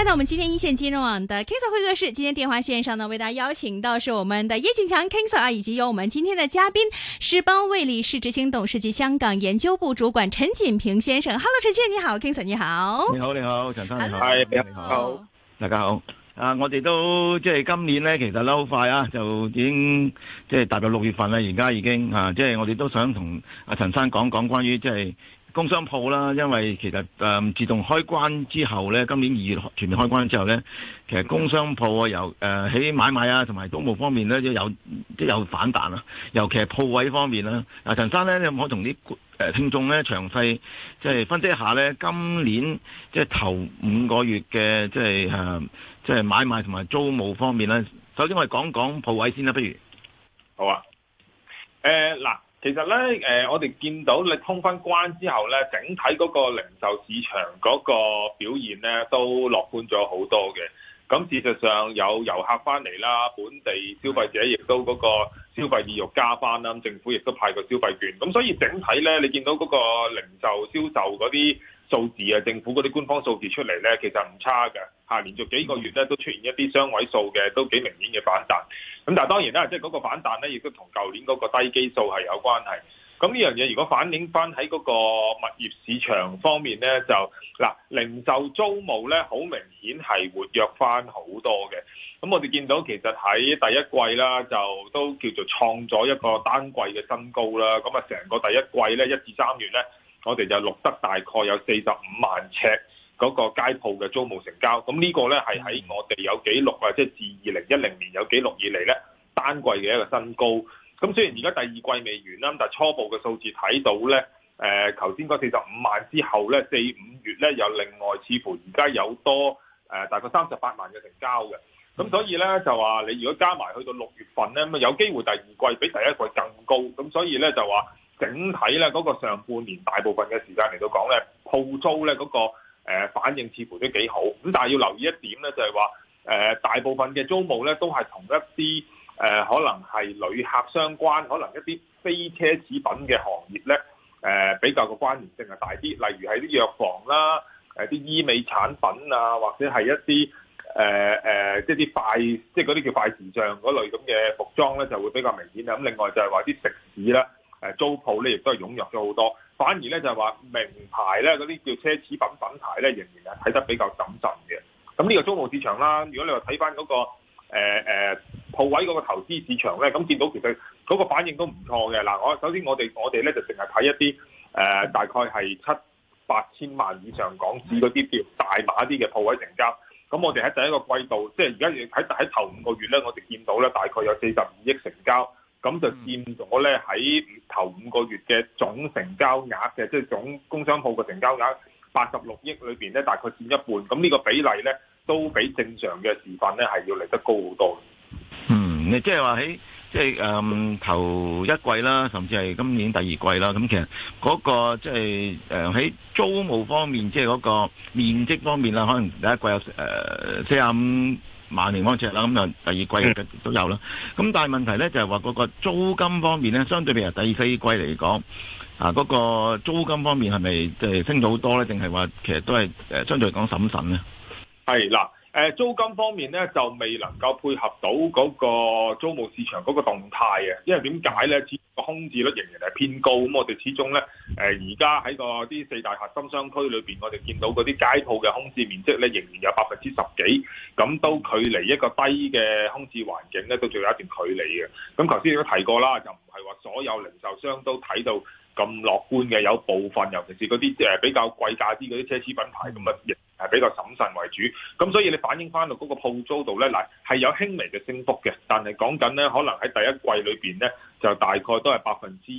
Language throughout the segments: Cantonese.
來到我們今天一線金融網的 KingSir 會客室，今天電話線上呢，為大家邀請到是我們的葉景強 KingSir 啊，以及有我們今天的嘉賓世邦魏理仕執行董事及香港研究部主管陳錦平先生。Hello 陳先生，你好，KingSir 你好，你好你好，陳生你好，Hello, Hi, 你好你好，大家好。Hello 大家好，大家好啊，我哋都即係今年呢，其實溜快啊，就已經即係達到六月份了，而家已經啊，即係我哋都想同阿陳生講講，講關於即係，工商鋪啦，因為其實誒、嗯、自動開關之後咧，今年二月全面開關之後咧，其實工商鋪啊，由誒喺買賣啊同埋租務方面咧，都有即有反彈啦。尤其係鋪位方面啦，嗱陳生咧，你有冇可同啲誒聽眾咧詳細即係分析一下咧？今年即係、就是、頭五個月嘅即係誒即係買賣同埋租務方面咧，首先我哋講講鋪位先啦，不如好啊？誒、呃、嗱。其實呢，誒、呃，我哋見到你通翻關之後呢，整體嗰個零售市場嗰個表現呢都樂觀咗好多嘅。咁事實上有遊客翻嚟啦，本地消費者亦都嗰個消費意欲加翻啦，政府亦都派過消費券，咁所以整體呢，你見到嗰個零售銷售嗰啲數字啊，政府嗰啲官方數字出嚟呢，其實唔差㗎，下連續幾個月呢，都出現一啲雙位數嘅，都幾明顯嘅反彈。咁但係當然啦，即係嗰個反彈呢，亦都同舊年嗰個低基數係有關係。咁呢樣嘢如果反映返喺嗰個物業市場方面呢，就嗱零售租務呢，好明顯係活躍返好多嘅。咁我哋見到其實喺第一季啦，就都叫做創咗一個單季嘅新高啦。咁啊，成個第一季呢，一至三月呢。我哋就錄得大概有四十五萬尺嗰個街鋪嘅租務成交，咁呢個呢，係喺我哋有記錄啊，即係自二零一零年有記錄以嚟呢單季嘅一個新高。咁雖然而家第二季未完啦，但初步嘅數字睇到呢，誒頭先嗰四十五萬之後呢，四五月呢，又另外，似乎而家有多誒、呃、大概三十八萬嘅成交嘅。咁所以呢，就話你如果加埋去到六月份呢，咁有機會第二季比第一季更高。咁所以呢，就話。整體咧，嗰、那個上半年大部分嘅時間嚟到講咧，鋪租咧嗰、那個、呃、反應似乎都幾好。咁但係要留意一點咧，就係、是、話、呃、大部分嘅租務咧都係同一啲、呃、可能係旅客相關，可能一啲非奢侈品嘅行業咧、呃、比較嘅關聯性係大啲。例如係啲藥房啦，啲、呃、醫美產品啊，或者係一啲即係啲快即係嗰啲叫快時尚嗰類咁嘅服裝咧就會比較明顯。咁另外就係話啲食肆啦。誒租鋪咧，亦都係湧入咗好多，反而咧就係、是、話名牌咧，嗰啲叫奢侈品品牌咧，仍然係睇得比較謹慎嘅。咁呢個租務市場啦，如果你話睇翻嗰個誒誒鋪位嗰個投資市場咧，咁見到其實嗰個反應都唔錯嘅。嗱，我首先我哋我哋咧就淨係睇一啲誒、呃、大概係七八千萬以上港紙嗰啲叫大碼啲嘅鋪位成交。咁我哋喺第一個季度，即係而家喺喺頭五個月咧，我哋見到咧大概有四十五億成交。咁就佔咗咧喺頭五個月嘅總成交額嘅，即係總工商鋪嘅成交額八十六億裏邊咧，大概佔一半。咁呢個比例咧，都比正常嘅時份咧係要嚟得高好多。嗯，你即係話喺即係頭一季啦，甚至係今年第二季啦。咁其實嗰個即係喺租務方面，即係嗰個面積方面啦，可能第一季有誒四十五，呃萬平方尺啦，咁就第二季嘅都有啦。咁但係問題咧就係話嗰個租金方面咧，相對譬如第二、四季嚟講，啊、那、嗰個租金方面係咪即係升咗好多咧？定係話其實都係誒相對嚟講審慎咧？係啦誒租金方面咧，就未能夠配合到嗰個租務市場嗰個動態嘅，因為點解咧？始終空置率仍然係偏高，咁我哋始終咧誒而家喺個啲四大核心商區裏面，我哋見到嗰啲街鋪嘅空置面積咧，仍然有百分之十幾，咁都距離一個低嘅空置環境咧，都仲有一段距離嘅。咁頭先都提過啦，就唔係話所有零售商都睇到。咁樂觀嘅，有部分尤其是嗰啲誒比較貴價啲嗰啲奢侈品牌咁啊，係比較審慎為主。咁所以你反映翻到嗰個鋪租度咧，嗱係有輕微嘅升幅嘅，但係講緊咧，可能喺第一季裏面咧，就大概都係百分之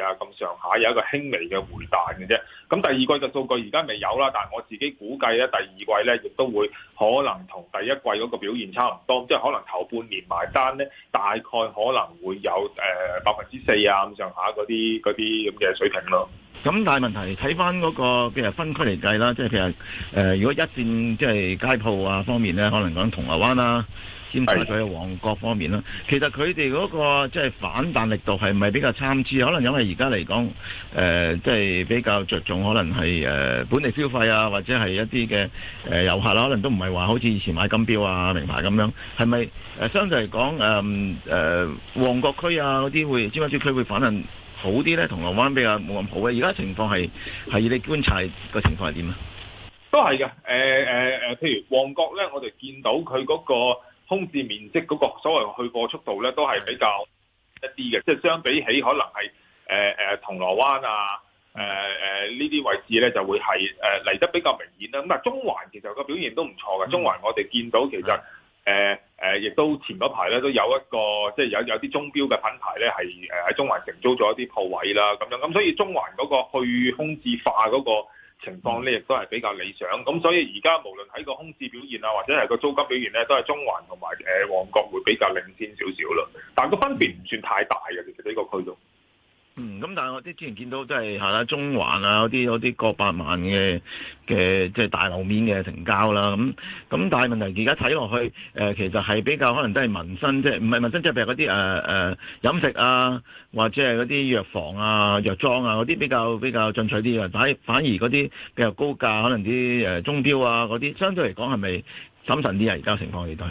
啊，咁上下有一個輕微嘅回彈嘅啫。咁第二季嘅數據而家未有啦，但係我自己估計咧，第二季咧亦都會可能同第一季嗰個表現差唔多，即係可能頭半年埋單咧，大概可能會有誒百分之四啊咁上下嗰啲嗰啲咁嘅水平咯。咁但係問題睇翻嗰個譬如分區嚟計啦，即係譬如誒、呃，如果一線，即係街鋪啊方面咧，可能講銅鑼灣啦、啊、尖沙咀啊、旺角方面啦，其實佢哋嗰個即係反彈力度係咪比較參差？可能因為而家嚟講誒，即、呃、係、即係、比較着重可能係誒、呃、本地消費啊，或者係一啲嘅誒遊客啦、啊，可能都唔係話好似以前買金標啊名牌咁樣，係咪相對嚟講誒誒旺角區啊嗰啲會尖沙咀區會反彈？好啲咧，銅鑼灣比較冇咁好嘅，而家情況係係你觀察個情況係點啊？都係嘅，誒誒誒，譬如旺角咧，我哋見到佢嗰個空置面積嗰個所謂去過速度咧，都係比較一啲嘅，即係相比起可能係誒誒銅鑼灣啊，誒誒呢啲位置咧就會係誒嚟得比較明顯啦。咁啊，中環其實個表現都唔錯嘅，中環我哋見到其實。誒、呃、誒，亦都前嗰排咧都有一個，即係有有啲鐘錶嘅品牌咧，係喺、呃、中環承租咗一啲鋪位啦，咁樣咁，所以中環嗰個去空置化嗰個情況咧，亦都係比較理想。咁所以而家無論係個空置表現啊，或者係個租金表現咧，都係中環同埋誒旺角會比較領先少少咯。但個分別唔算太大嘅，其實呢個區度。嗯，咁但係我啲之前見到都係係啦，中環啊嗰啲嗰啲過百萬嘅嘅即係大樓面嘅成交啦，咁咁但係問題而家睇落去，呃，其實係比較可能都係民生，即係唔係民生即係譬如嗰啲誒誒飲食啊，或者係嗰啲藥房啊、藥莊啊嗰啲比較比較進取啲啊。但係反而嗰啲比較高價可能啲誒鐘錶啊嗰啲，相對嚟講係咪審慎啲啊？而家情況亦都係。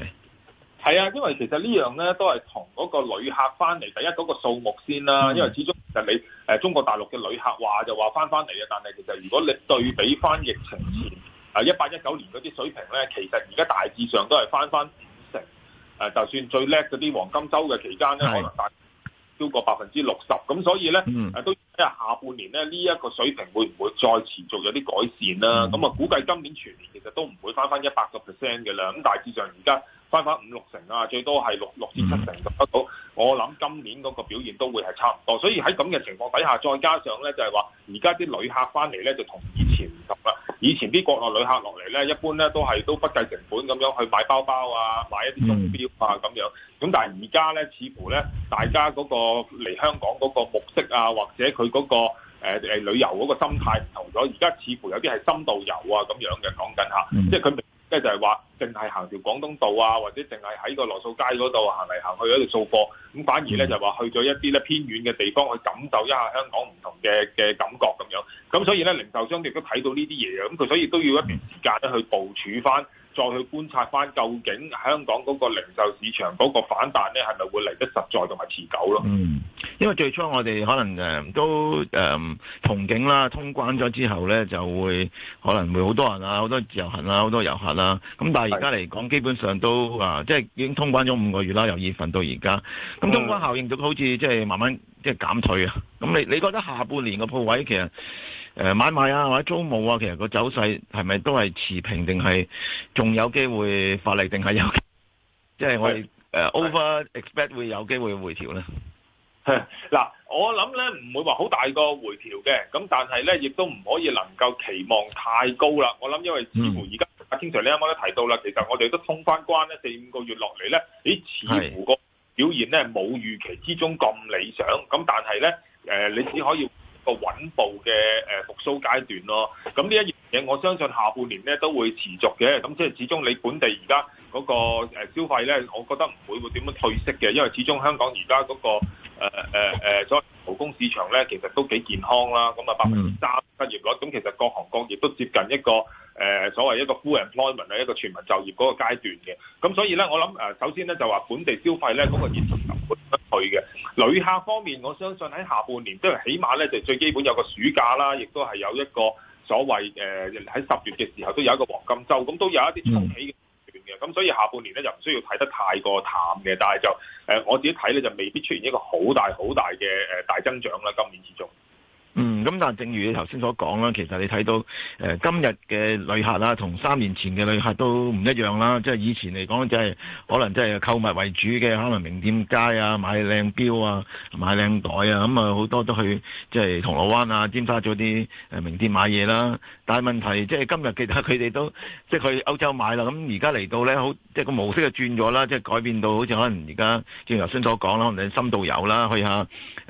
係啊，因為其實呢樣咧都係同嗰個旅客翻嚟第一嗰、嗰個數目先啦，嗯、因為始終其實你、呃、中國大陸嘅旅客話就話翻翻嚟啊，但係其實如果你對比翻疫情前、嗯、啊一八一九年嗰啲水平咧，其實而家大致上都係翻翻五成、呃，就算最叻嗰啲黃金週嘅期間咧，可能大概超過百分之六十，咁所以咧、嗯、都睇下下半年咧呢一、呢個水平會唔會再持續有啲改善啦？咁、嗯、啊，估計今年全年其實都唔會翻翻一百個 percent 嘅啦，咁大致上而家。翻翻五六成啊，最多係六六至七成咁得到。我諗今年嗰個表現都會係差唔多，所以喺咁嘅情況底下，再加上咧就係話，而家啲旅客翻嚟咧就同以前唔同啦。以前啲國內旅客落嚟咧，一般咧都係都不計成本咁樣去買包包啊，買一啲鐘錶啊咁樣。咁但係而家咧，似乎咧大家嗰個嚟香港嗰個模式啊，或者佢嗰、嗰個誒、呃呃、旅遊嗰個心態唔同咗。而家似乎有啲係深度遊啊咁樣嘅講緊嚇，即係佢。即係就係話，淨係行條廣東道啊，或者淨係喺個羅素街嗰度行嚟行去喺度掃貨，咁反而咧就話去咗一啲咧偏遠嘅地方去感受一下香港唔同嘅嘅感覺咁樣，咁所以咧零售商亦都睇到呢啲嘢，咁佢所以都要一段時間咧去部署翻。再去觀察翻究竟香港嗰個零售市場嗰個反彈咧，係咪會嚟得實在同埋持久咯？嗯，因為最初我哋可能、呃、都誒、呃、憧憬啦，通關咗之後咧就會可能會好多人啊，好多自由行啦，好多遊客啦。咁但係而家嚟講，基本上都啊，即係已經通關咗五個月啦，由二月份到而家。咁、嗯、通關效應就好似即係慢慢即係、就是、減退啊。咁你你覺得下半年個鋪位其實？誒、呃、買賣啊，或者租務啊，其實個走勢係咪都係持平，定係仲有機會發力，定係有機會？即、就、係、是、我哋誒、uh, over expect 會有機會回調咧。嚇！嗱，我諗咧唔會話好大個回調嘅，咁但係咧亦都唔可以能夠期望太高啦。我諗因為似乎而家，啊、嗯，阿 King Sir 你啱啱都提到啦，其實我哋都通返關咧四五個月落嚟咧，咦？似乎個表現咧冇預期之中咁理想。咁但係咧誒，你只可以。個穩步嘅誒復甦階段咯，咁呢一樣嘢我相信下半年咧都會持續嘅，咁即係始終你本地而家嗰個消費咧，我覺得唔會會點樣褪色嘅，因為始終香港而家嗰個誒誒、呃、所謂勞工市場咧，其實都幾健康啦，咁啊百分之三失業率，咁其實各行各業都接近一個誒、呃、所謂一個 full employment 啊，一個全民就業嗰個階段嘅，咁所以咧，我諗誒首先咧就話本地消費咧嗰、那個熱情。去嘅旅客方面，我相信喺下半年即係起碼咧，就最基本有個暑假啦，亦都係有一個所謂誒喺十月嘅時候都有一個黃金周，咁都有一啲重啟嘅時段嘅，咁所以下半年咧就唔需要睇得太過淡嘅，但係就誒、呃、我自己睇咧就未必出現一個好大好大嘅誒大增長啦，今年之中。咁但係正如你頭先所講啦，其實你睇到誒、呃、今日嘅旅客啦，同三年前嘅旅客都唔一樣啦。即係以前嚟講，即係可能即係購物為主嘅，可能名店街啊，買靚錶啊，買靚袋啊，咁啊好多都去即係銅鑼灣啊、尖沙咀啲誒名店買嘢啦。但係問題即係今日其實佢哋都即係去歐洲買啦。咁而家嚟到咧，好即係個模式就轉咗啦，即係改變到好似可能而家正如頭先所講啦，可能深度遊啦，去下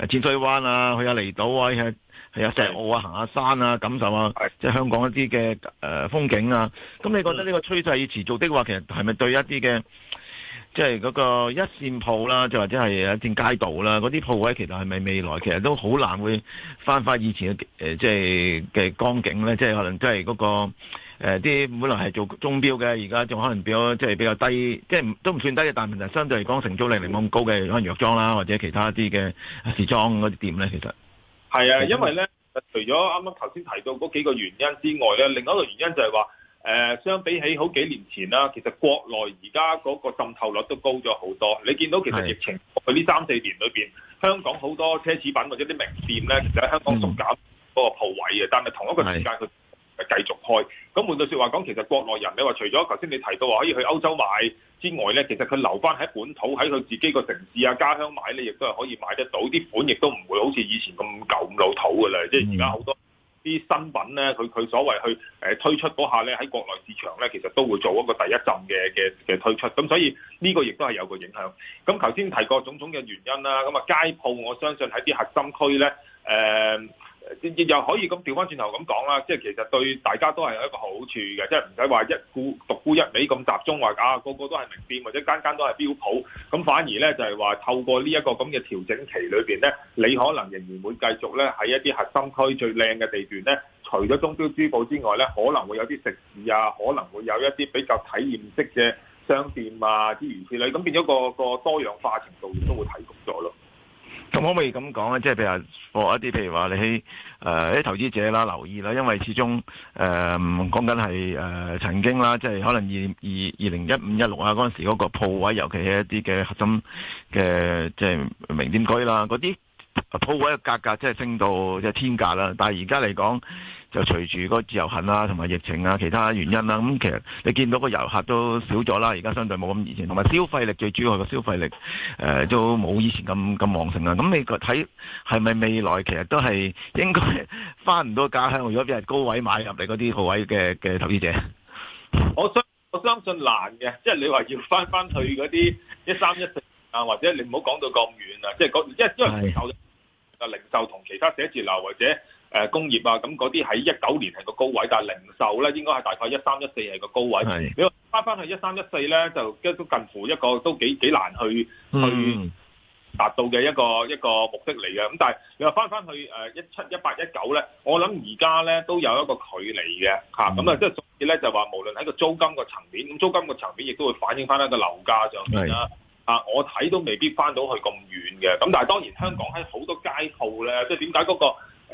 淺水灣啊，去下離島啊。係啊，石澳啊，行下山啊，感受啊，即係香港一啲嘅誒風景啊。咁你覺得呢個趨勢要持續的話，其實係咪對一啲嘅即係嗰個一線鋪啦，就或者係一線街道啦，嗰啲鋪位其是不是，其實係咪未來其實都好難會翻返以前嘅誒，即係嘅光景咧？即係可能即係嗰個啲，本來係做鐘錶嘅，而家仲可能比較即係比較低，即係都唔算低嘅，但係相對嚟講，承租力嚟冇咁高嘅，可能藥妝啦或者其他啲嘅時裝嗰啲店咧，其實。係啊，因為咧，除咗啱啱頭先提到嗰幾個原因之外咧，另外一個原因就係話，誒、呃、相比起好幾年前啦，其實國內而家嗰個滲透率都高咗好多。你見到其實疫情佢呢三四年裏邊，香港好多奢侈品或者啲名店咧，其實喺香港縮減嗰個鋪位嘅，但係同一個時間佢。繼續開，咁換句説話講，其實國內人你話除咗頭先你提到話可以去歐洲買之外呢，其實佢留翻喺本土喺佢自己個城市啊、家鄉買呢，亦都係可以買得到，啲款亦都唔會好似以前咁舊、老土嘅啦。即係而家好多啲新品呢，佢佢所謂去誒、呃、推出嗰下呢，喺國內市場呢，其實都會做一個第一浸嘅嘅嘅推出，咁所以呢個亦都係有個影響。咁頭先提過種種嘅原因啦，咁啊街鋪我相信喺啲核心區呢。誒、呃。至又可以咁調翻轉頭咁講啦，即係其實對大家都係有一個好處嘅，即係唔使話一孤獨孤一味咁集中，話啊個個都係名店或者間間都係標普，咁反而呢，就係、是、話透過呢一個咁嘅調整期裏邊呢，你可能仍然會繼續呢喺一啲核心區最靚嘅地段呢。除咗鐘錶珠寶之外呢，可能會有啲食肆啊，可能會有一啲比較體驗式嘅商店啊諸如此類，咁變咗、那個、那個多樣化程度亦都會提高咗咯。咁可唔可以咁講咧？即係譬如話，博一啲，譬如話你喺誒啲投資者啦，留意啦，因為始終誒講緊係誒曾經啦，即係可能二二二零一五一六啊嗰陣時嗰個鋪位，尤其係一啲嘅核心嘅即係名店區啦嗰啲。鋪位嘅價格即係升到即係天價啦，但係而家嚟講就隨住個自由行啊同埋疫情啊其他原因啦，咁其實你見到個遊客都少咗啦，而家相對冇咁熱情，同埋消費力最主要個消費力誒都冇以前咁咁旺盛啦。咁你睇係咪未來其實都係應該翻唔到家鄉？如果係高位買入嚟嗰啲鋪位嘅嘅投資者，我相我相信難嘅，即係你話要翻翻去嗰啲一三一四啊，或者你唔好講到咁遠啊，即係講即係因為後。係啊，零售同其他寫字樓或者誒、呃、工業啊，咁嗰啲喺一九年係個高位，但係零售咧應該係大概一三一四係個高位。係，你話翻翻去一三一四咧，就都近乎一個都幾幾難去、嗯、去達到嘅一個一個目的嚟嘅。咁但係你話翻翻去誒一七一八一九咧，我諗而家咧都有一個距離嘅嚇。咁、嗯、啊，即係所以咧就話、是、無論喺個租金個層面，咁租金個層面亦都會反映翻喺個樓價上面、啊。啦。啊！我睇都未必翻到去咁遠嘅，咁但係當然香港喺好多街鋪咧，即係點解嗰個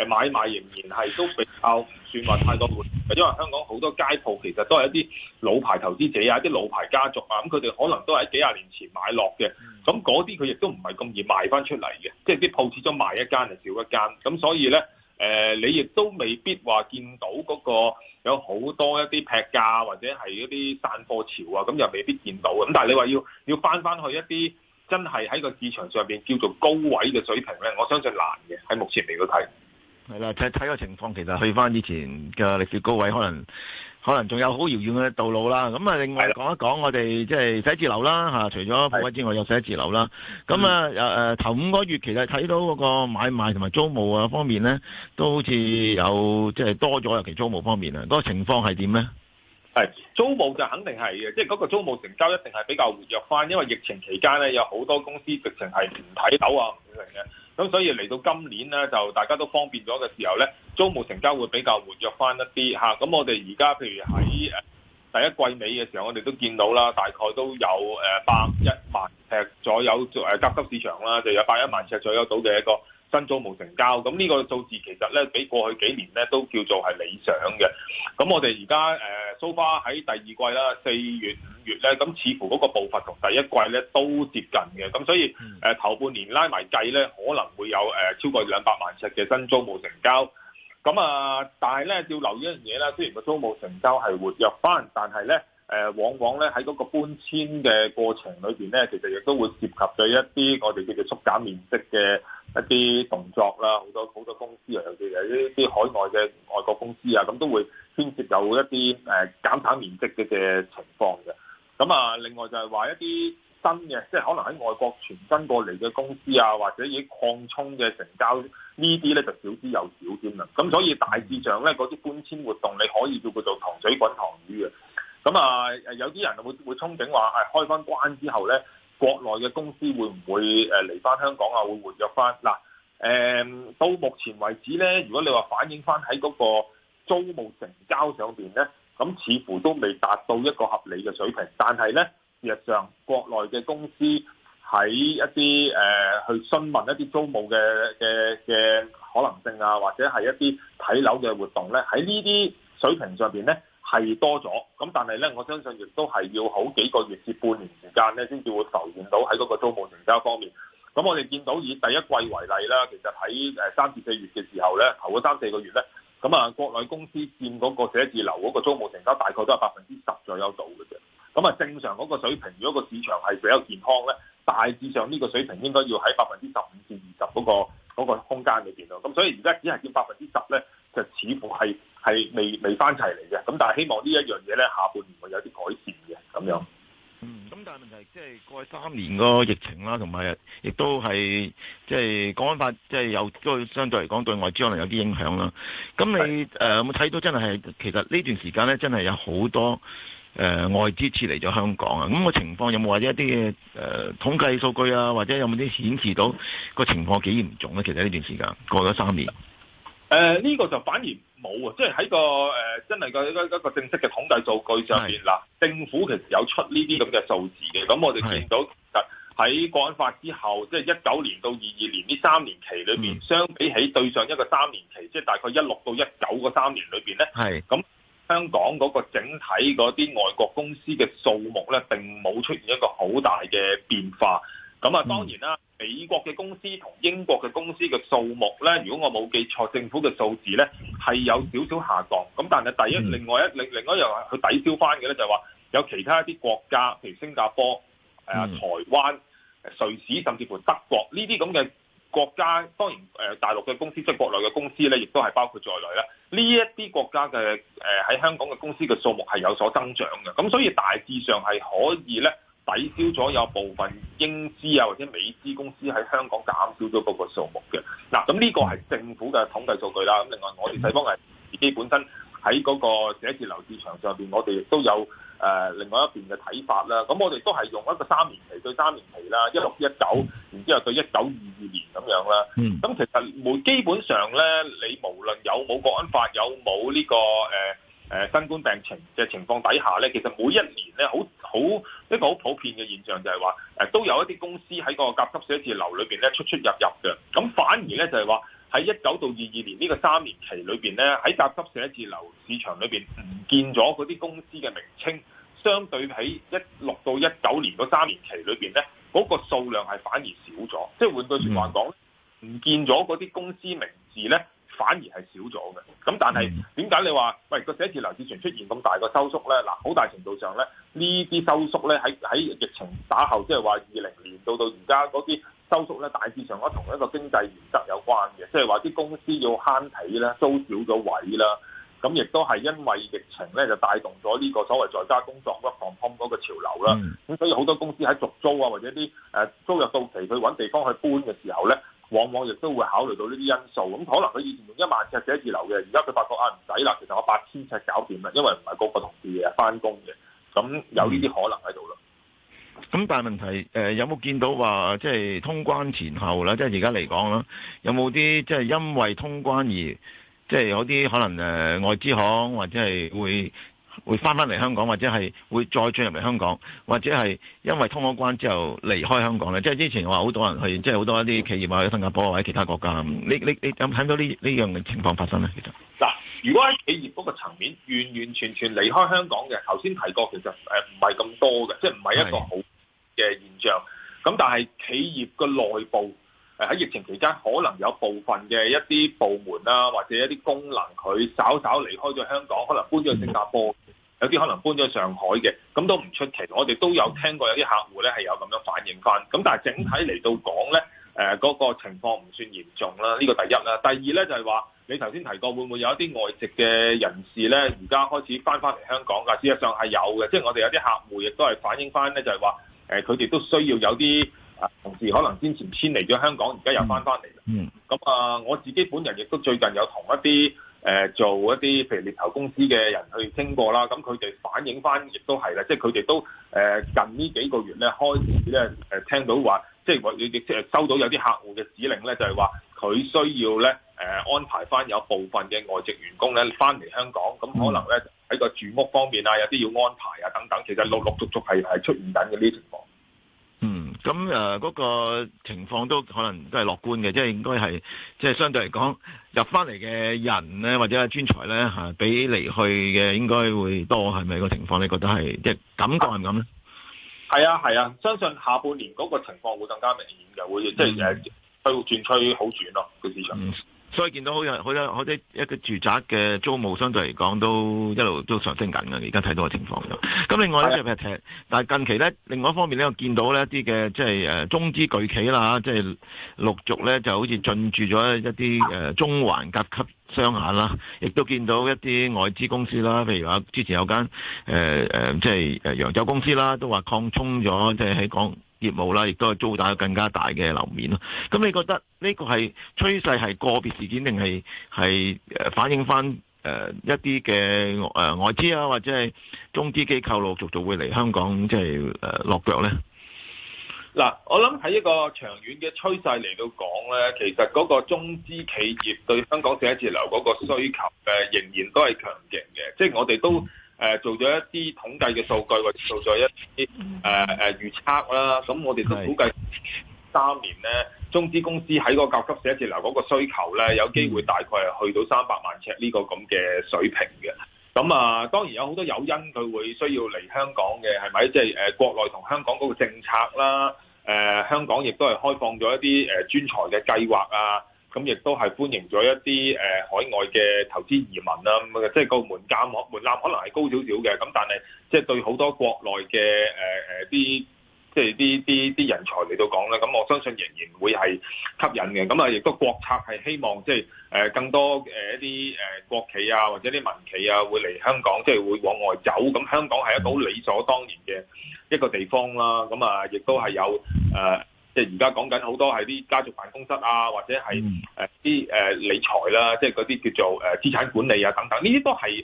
誒買賣仍然係都比較唔算話太多換？因為香港好多街鋪其實都係一啲老牌投資者啊、一啲老牌家族啊，咁佢哋可能都係喺幾廿年前買落嘅，咁嗰啲佢亦都唔係咁易賣翻出嚟嘅，即係啲鋪始終賣一間就少一間，咁所以咧。誒、呃，你亦都未必話見到嗰個有好多一啲劈價或者係一啲散貨潮啊，咁又未必見到咁。但係你話要要翻翻去一啲真係喺個市場上面叫做高位嘅水平咧，我相信難嘅喺目前嚟講睇。係啦，睇睇個情況，其實去翻以前嘅歷史高位，可能可能仲有好遙遠嘅道路啦。咁啊，另外講一講我哋即係寫字樓啦吓，除咗鋪位之外，有寫字樓啦。咁啊，誒、嗯、誒、呃呃，頭五個月其實睇到嗰個買賣同埋租務啊方面咧，都好似有即係、就是、多咗尤其租務方面啊，個情況係點咧？係租務就肯定係嘅，即係嗰個租務成交一定係比較活躍翻，因為疫情期間咧，有好多公司直情係唔睇樓啊之類嘅。咁所以嚟到今年咧，就大家都方便咗嘅時候咧，租務成交會比較活躍翻一啲吓。咁我哋而家譬如喺第一季尾嘅時候，我哋都見到啦，大概都有誒百一萬尺左右誒甲級市場啦，就有百一萬尺左右到嘅一個新租務成交，咁呢個數字其實咧，比過去幾年咧都叫做係理想嘅。咁我哋而家誒蘇花喺第二季啦，四月五月咧，咁似乎嗰個步伐同第一季咧都接近嘅。咁所以誒、呃、頭半年拉埋計咧，可能會有誒、呃、超過兩百萬尺嘅新租務成交。咁啊、呃，但係咧要留意一樣嘢啦，雖然個租務成交係活躍返，但係咧誒往往咧喺嗰個搬遷嘅過程裏邊咧，其實亦都會涉及咗一啲我哋叫做縮減面積嘅。一啲動作啦，好多好多公司啲嘅，啲啲海外嘅外國公司啊，咁都會牽涉有一啲誒減產面積嘅嘅情況嘅。咁啊，另外就係話一啲新嘅，即係可能喺外國傳真過嚟嘅公司啊，或者以擴充嘅成交呢啲咧，就少之又少添啦。咁所以大致上咧，嗰啲搬遷活動你可以叫佢做糖水滾糖魚嘅。咁啊，有啲人會會憧憬話係開翻關之後咧。國內嘅公司會唔會誒嚟翻香港啊？會活躍翻嗱？誒、嗯、到目前為止咧，如果你話反映翻喺嗰個租務成交上邊咧，咁似乎都未達到一個合理嘅水平。但係咧，事實上國內嘅公司喺一啲誒、呃、去詢問一啲租務嘅嘅嘅可能性啊，或者係一啲睇樓嘅活動咧，喺呢啲水平上邊咧，係多咗，咁但係咧，我相信亦都係要好幾個月至半年時間咧，先至會浮現到喺嗰個租務成交方面。咁我哋見到以第一季為例啦，其實喺誒三至四月嘅時候咧，頭嗰三四個月咧，咁啊國內公司佔嗰個寫字樓嗰個租務成交大概都係百分之十左右到嘅啫。咁啊正常嗰個水平，如果個市場係比較健康咧，大致上呢個水平應該要喺百分之十五至二十嗰個嗰個空間裏邊咯。咁所以而家只係見百分之十咧，就似乎係。係未未翻齊嚟嘅，咁但係希望一呢一樣嘢咧，下半年會有啲改善嘅咁樣。嗯，咁、嗯、但係問題即、就、係、是、過去三年嗰個疫情啦，同埋亦都係即係國安法，即係有都相對嚟講對外資可能有啲影響啦。咁你誒、呃、有冇睇到真係其實呢段時間咧，真係有好多誒、呃、外資撤離咗香港啊？咁個情況有冇或者一啲誒、呃、統計數據啊，或者有冇啲顯示到個情況幾嚴重咧？其實呢段時間過咗三年。誒、呃，呢、這個就反而。冇啊！即係喺個誒、呃，真係個一個一個正式嘅統計數據上邊嗱，政府其實有出呢啲咁嘅數字嘅。咁我哋見到其實喺《國安法》之後，即係一九年到二二年呢三年期裏邊、嗯，相比起對上一個三年期，即係大概一六到一九嗰三年裏邊咧，咁香港嗰個整體嗰啲外國公司嘅數目咧，並冇出現一個好大嘅變化。咁啊，當然啦、啊。嗯美國嘅公司同英國嘅公司嘅數目咧，如果我冇記錯，政府嘅數字咧係有少少下降。咁但係第一，另外一另另外一樣去抵消翻嘅咧就係話有其他一啲國家，譬如新加坡、啊、台灣、瑞士甚至乎德國呢啲咁嘅國家，當然誒大陸嘅公司即係國內嘅公司咧，亦都係包括在內啦。呢一啲國家嘅誒喺香港嘅公司嘅數目係有所增長嘅。咁所以大致上係可以咧。抵消咗有部分英資啊，或者美資公司喺香港減少咗嗰個數目嘅，嗱，咁呢個係政府嘅統計數據啦。咁另外我哋世邦係自己本身喺嗰個寫字樓市場上邊，我哋亦都有誒、呃、另外一邊嘅睇法啦。咁我哋都係用一個三年期對三年期啦，一六一九，然後之後對一九二二年咁樣啦。咁其實每基本上咧，你無論有冇國安法有冇呢、呢個誒。呃誒、呃、新冠疫情嘅情況底下咧，其實每一年咧好好一個好普遍嘅現象就係話，誒、呃、都有一啲公司喺個甲級寫字樓裏邊咧出出入入嘅。咁反而咧就係話喺一九到二二年呢個三年期裏邊咧，喺甲級寫字樓市場裏邊唔見咗嗰啲公司嘅名稱，相對喺一六到一九年嗰三年期裏邊咧，嗰、那個數量係反而少咗。即係換句説話講，唔、嗯、見咗嗰啲公司名字咧。反而係少咗嘅，咁但係點解你話喂個寫字樓市場出現咁大個收縮咧？嗱，好大程度上咧，呢啲收縮咧喺喺疫情打後，即係話二零年到到而家嗰啲收縮咧，大致上都同一個經濟原則有關嘅，即係話啲公司要慳啲啦，租少咗位啦，咁亦都係因為疫情咧就帶動咗呢個所謂在家工作 work from home 嗰個潮流啦，咁、嗯、所以好多公司喺續租啊或者啲誒租約到期去揾地方去搬嘅時候咧。往往亦都會考慮到呢啲因素，咁、嗯、可能佢以前用一萬尺寫字樓嘅，而家佢發覺啊唔使啦，其實我八千尺搞掂啦，因為唔係個個同事日翻工嘅，咁有呢啲可能喺度啦。咁但係問題誒、呃，有冇見到話即係通關前後啦，即係而家嚟講啦，有冇啲即係因為通關而即係有啲可能誒、呃、外資行或者係會？會翻翻嚟香港，或者係會再進入嚟香港，或者係因為通咗關之後離開香港咧。即係之前話好多人去，即係好多一啲企業啊去新加坡或者其他國家。你你你有冇睇到呢呢樣嘅情況發生咧？其實嗱，如果喺企業嗰個層面，完完全全離開香港嘅，頭先提過，其實誒唔係咁多嘅，即係唔係一個好嘅現象。咁但係企業嘅內部。誒喺疫情期間，可能有部分嘅一啲部門啊，或者一啲功能，佢稍稍離開咗香港，可能搬咗去新加坡，有啲可能搬咗去上海嘅，咁都唔出奇。我哋都有聽過有啲客戶咧係有咁樣反應翻。咁但係整體嚟到講咧，誒嗰個情況唔算嚴重啦。呢個第一啦，第二咧就係話，你頭先提過會唔會有一啲外籍嘅人士咧，而家開始翻返嚟香港㗎？事實上係有嘅，即係我哋有啲客戶亦都係反映翻咧，就係話誒，佢哋都需要有啲。同時可能先前遷離咗香港，而家又翻返嚟。嗯。咁啊，我自己本人亦都最近有同一啲、呃、做一啲譬如獵頭公司嘅人去傾過啦。咁佢哋反映翻亦都係啦，即係佢哋都、呃、近呢幾個月咧開始咧聽到話，即係我你亦即係收到有啲客戶嘅指令咧，就係話佢需要咧、呃、安排翻有部分嘅外籍員工咧翻嚟香港。咁可能咧喺個住屋方面啊，有啲要安排啊等等，其實陸陸續續係出現緊嘅呢情況。嗯，咁誒嗰個情況都可能都係樂觀嘅，即係應該係即係相對嚟講入翻嚟嘅人咧，或者專才咧嚇，比離去嘅應該會多，係咪，個情況？你覺得係即係感覺係咁咧？係啊係啊，啊，相信下半年嗰個情況會更加明顯嘅，會、嗯、即係誒推轉趨好轉咯、啊、個市場。嗯所以見到好有好好多一個住宅嘅租務，相對嚟講都一路都上升緊嘅。而家睇到嘅情況咁。咁另外咧，但係近期咧，另外一方面咧，我見到咧一啲嘅即係誒中資巨企啦，即係陸續咧就好似進駐咗一啲誒中環甲級商廈啦，亦都見到一啲外資公司啦，譬如話之前有間誒即係誒揚州公司啦，都話擴充咗，即係喺港。業務啦，亦都係租到更加大嘅樓面咯。咁你覺得呢個係趨勢係個別事件定係反映翻一啲嘅外資啊，或者係中資機構陸續續會嚟香港即係落腳咧？嗱，我諗喺一個長遠嘅趨勢嚟到講咧，其實嗰個中資企業對香港寫字樓嗰個需求仍然都係強勁嘅。即係我哋都。誒做咗一啲統計嘅數據，或者做咗一啲誒誒預測啦。咁、呃、我哋就估計三年咧，中資公司喺嗰個甲級寫字樓嗰個需求咧，有機會大概係去到三百萬尺呢個咁嘅水平嘅。咁啊，當然有好多誘因佢會需要嚟香港嘅，係咪？即係誒國內同香港嗰個政策啦。誒、呃、香港亦都係開放咗一啲誒專才嘅計劃啊。咁亦都係歡迎咗一啲呃海外嘅投資移民啦、啊，咁即係個門檻可門檻可能係高少少嘅。咁但係即係對好多國內嘅啲即係啲啲啲人才嚟到講啦，咁我相信仍然會係吸引嘅。咁啊，亦都國策係希望即係呃、更多一啲國企啊或者啲民企啊會嚟香港，即係會往外走。咁香港係一個好理所當然嘅一個地方啦。咁啊，亦都係有、呃即係而家講緊好多係啲家族辦公室啊，或者係誒啲誒理財啦，即係嗰啲叫做誒資產管理啊等等，呢啲都係誒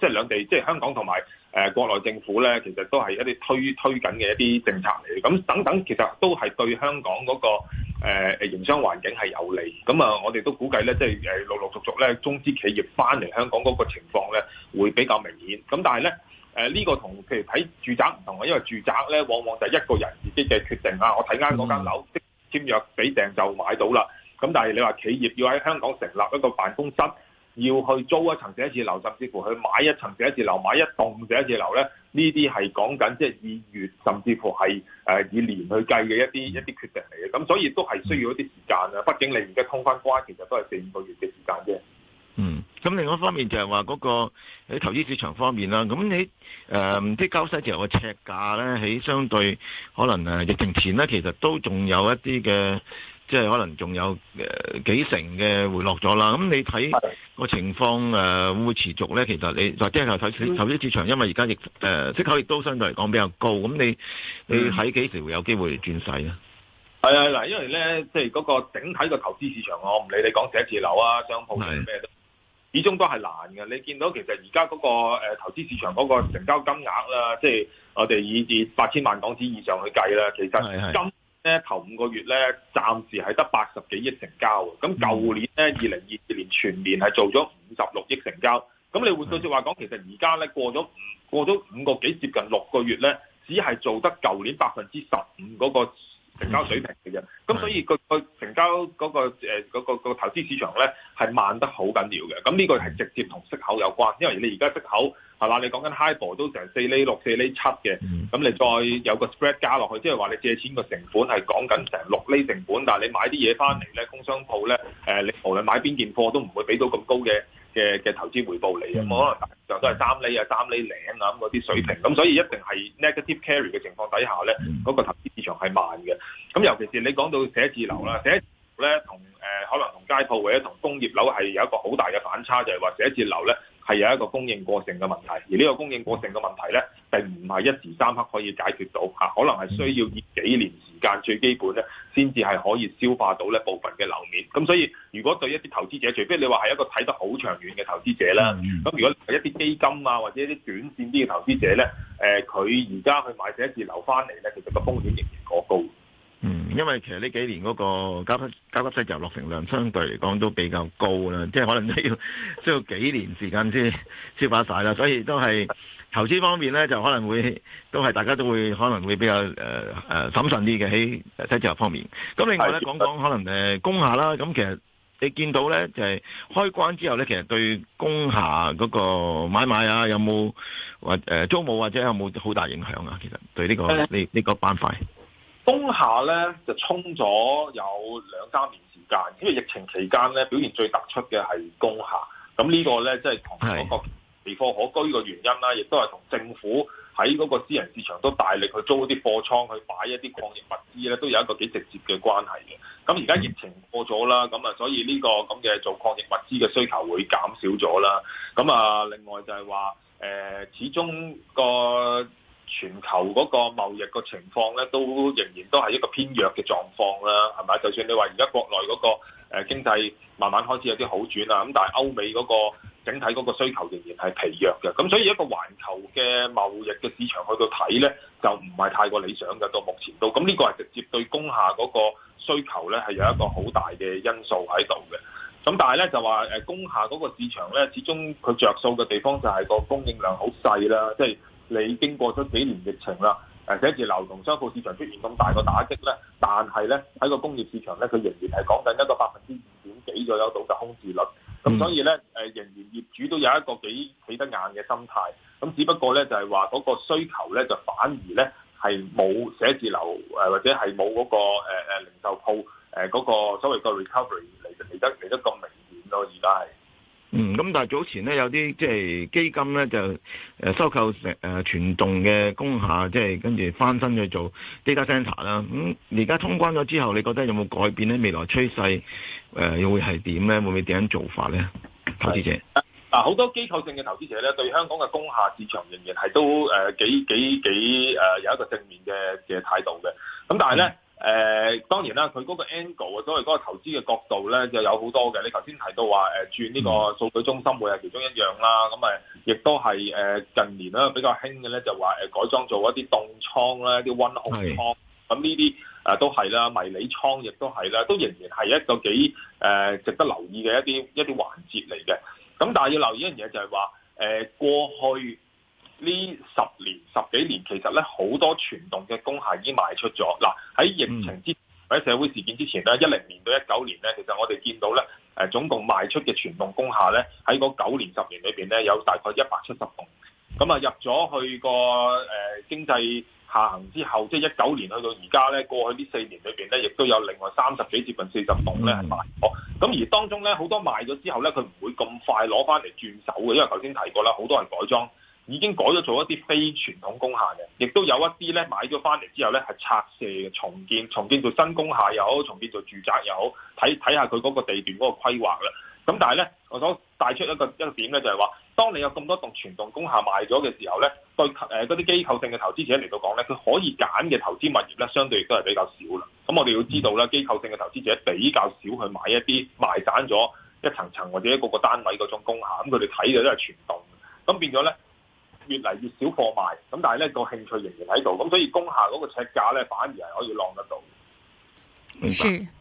即係兩地即係、就是、香港同埋誒國內政府咧，其實都係一啲推推緊嘅一啲政策嚟。咁等等其實都係對香港嗰、那個誒誒營商環境係有利。咁啊，我哋都估計咧，即係誒陸陸續續咧，中資企業翻嚟香港嗰個情況咧，會比較明顯。咁但係咧。誒、這、呢個同譬如睇住宅唔同啊，因為住宅咧往往就係一個人自己嘅決定啊，我睇啱嗰間樓，即、嗯、簽約俾訂就買到啦。咁但係你話企業要喺香港成立一個辦公室，要去租一層寫字樓，甚至乎去買一層寫字樓，買一棟寫字樓咧，這樓呢啲係講緊即係以月，甚至乎係誒、呃、以年去計嘅一啲一啲決定嚟嘅。咁所以都係需要一啲時間啊。畢竟你而家通翻關，其實都係四五個月嘅時間啫。嗯，咁另外一方面就係話嗰個喺投資市場方面啦，咁你誒啲交質石油嘅尺價咧，喺、呃、相對可能、啊、疫情前咧，其實都仲有一啲嘅，即係可能仲有幾成嘅回落咗啦。咁你睇個情況誒、呃、會持續咧？其實你就即係睇投資市場，因為而家亦誒息口亦都相對嚟講比較高，咁你你睇幾時有機會有機會轉勢啊？係啊，嗱，因為咧即係嗰個整體個投資市場，我唔理你講寫字樓啊、商鋪定咩始終都係難嘅。你見到其實而家嗰個誒、呃、投資市場嗰個成交金額啦，即係我哋以至八千萬港紙以上去計啦。其實今咧頭五個月咧，暫時係得八十幾億成交。咁舊年咧，二零二二年全年係做咗五十六億成交。咁你換句說話講，其實而家咧過咗過咗五個幾接近六個月咧，只係做得舊年百分之十五嗰個。嗯、成交水平嘅啫，咁所以個個成交嗰、嗰個嗰、呃嗰個嗰個、投資市場咧係慢得好緊要嘅，咁呢個係直接同息口有關，因為你而家息口係啦，你講緊 HIBOR 都成四厘六、四厘七嘅，咁你再有個 spread 加落去，即係話你借錢個成本係講緊成六厘成本，但係你買啲嘢翻嚟咧，工商鋪咧，你無論買邊件貨都唔會俾到咁高嘅。嘅嘅投資回報嚟嘅，咁可能大致上都係三厘啊、三厘零啊咁嗰啲水平，咁所以一定係 negative carry 嘅情況底下咧，嗰個投資市場係慢嘅。咁尤其是你講到寫字樓啦，寫字樓咧同誒可能同街鋪或者同工業樓係有一個好大嘅反差，就係話寫字樓咧，係有一個供應過剩嘅問題，而呢個供應過剩嘅問題呢，並唔係一時三刻可以解決到嚇、啊，可能係需要以幾年時間，最基本咧，先至係可以消化到呢部分嘅樓面。咁所以，如果對一啲投資者，除非你話係一個睇得好長遠嘅投資者啦，咁如果係一啲基金啊，或者一啲短線啲嘅投資者呢，誒、啊，佢而家去買寫字樓翻嚟呢，其實個風險仍然過高。嗯，因為其實呢幾年嗰個交急交急息就落成量相對嚟講都比較高啦，即係可能都要需要幾年時間先消化晒啦，所以都係投資方面咧就可能會都係大家都會可能會比較誒誒審慎啲嘅喺睇住方面。咁另外咧講講可能誒工廈啦，咁其實你見到咧就係、是、開關之後咧，其實對工廈嗰個買賣啊有冇或誒租務或者有冇好大影響啊？其實對呢、這個呢呢、這個板塊。工廈咧就衝咗有兩三年時間，因為疫情期間咧表現最突出嘅係工廈，咁呢、就是、個咧即係同嗰個備貨可居嘅原因啦，亦都係同政府喺嗰個私人市場都大力去租啲貨倉去擺一啲抗疫物資咧，都有一個幾直接嘅關係嘅。咁而家疫情過咗啦，咁啊所以呢、這個咁嘅做抗疫物資嘅需求會減少咗啦。咁啊另外就係話誒，始終個。全球嗰個貿易個情況咧，都仍然都係一個偏弱嘅狀況啦，係咪？就算你話而家國內嗰個、那個、呃、經濟慢慢開始有啲好轉啦、啊，咁但係歐美嗰個整體嗰個需求仍然係疲弱嘅，咁所以一個環球嘅貿易嘅市場去到睇咧，就唔係太過理想嘅。到目前到咁呢個係直接對工廈嗰個需求咧係有一個好大嘅因素喺度嘅。咁但係咧就話誒工廈嗰個市場咧，始終佢着數嘅地方就係個供應量好細啦，即係。你經過咗幾年疫情啦，誒寫字樓同商鋪市場出現咁大個打擊咧，但係咧喺個工業市場咧，佢仍然係講緊一個百分之二點幾左右到嘅空置率，咁所以咧誒仍然業主都有一個幾企得硬嘅心態，咁只不過咧就係話嗰個需求咧就反而咧係冇寫字樓誒或者係冇嗰個誒、呃、零售鋪誒嗰個所謂個 recovery 嚟得嚟得嚟得咁明顯囉，而家。現在是嗯，咁但係早前咧有啲即係基金咧就收購成、呃、傳統嘅工廈，即係跟住翻新去做 data center 啦、嗯。咁而家通關咗之後，你覺得有冇改變咧？未來趨勢又會係點咧？會唔會點樣做法咧？投資者啊、好多機構性嘅投資者咧，對香港嘅工廈市場仍然係都、呃、幾幾幾、呃、有一個正面嘅嘅態度嘅。咁但係咧。嗯誒、呃、當然啦，佢嗰個 angle 啊，所謂嗰個投資嘅角度咧，就有好多嘅。你頭先提到話誒轉呢個數據中心會係其中一樣啦，咁咪亦都係誒、呃、近年咧比較興嘅咧，就話誒改裝做一啲凍倉啦，一啲温控倉，咁呢啲誒都係啦，迷你倉亦都係啦，都仍然係一個幾誒、呃、值得留意嘅一啲一啲環節嚟嘅。咁但係要留意一樣嘢就係話誒過去，呢十年十幾年，其實咧好多全棟嘅工廈已經賣出咗。嗱喺疫情之喺社會事件之前咧，一零年到一九年咧，其實我哋見到咧，誒、呃、總共賣出嘅全棟工廈咧，喺嗰九年十年裏面咧，有大概一百七十棟。咁啊入咗去個誒、呃、經濟下行之後，即係一九年去到而家咧，過去呢四年裏面咧，亦都有另外三十幾至近四十棟咧係賣。咁而當中咧好多賣咗之後咧，佢唔會咁快攞翻嚟轉手嘅，因為頭先提過啦，好多人改裝。已經改咗做一啲非傳統工廈嘅，亦都有一啲咧買咗翻嚟之後咧係拆卸嘅重建，重建做新工廈又好，重建做住宅又好，睇睇下佢嗰個地段嗰個規劃啦。咁但係咧，我想帶出一個一個點咧，就係話，當你有咁多棟傳統工廈賣咗嘅時候咧，對誒嗰啲機構性嘅投資者嚟到講咧，佢可以揀嘅投資物業咧，相對亦都係比較少啦。咁我哋要知道咧，機構性嘅投資者比較少去買一啲賣散咗一層層或者一個個單位嗰種工廈，咁佢哋睇嘅都係傳統，咁變咗咧。越嚟越少貨賣，咁但係咧個興趣仍然喺度，咁所以工廈嗰個尺價咧，反而係可以攬得到。是。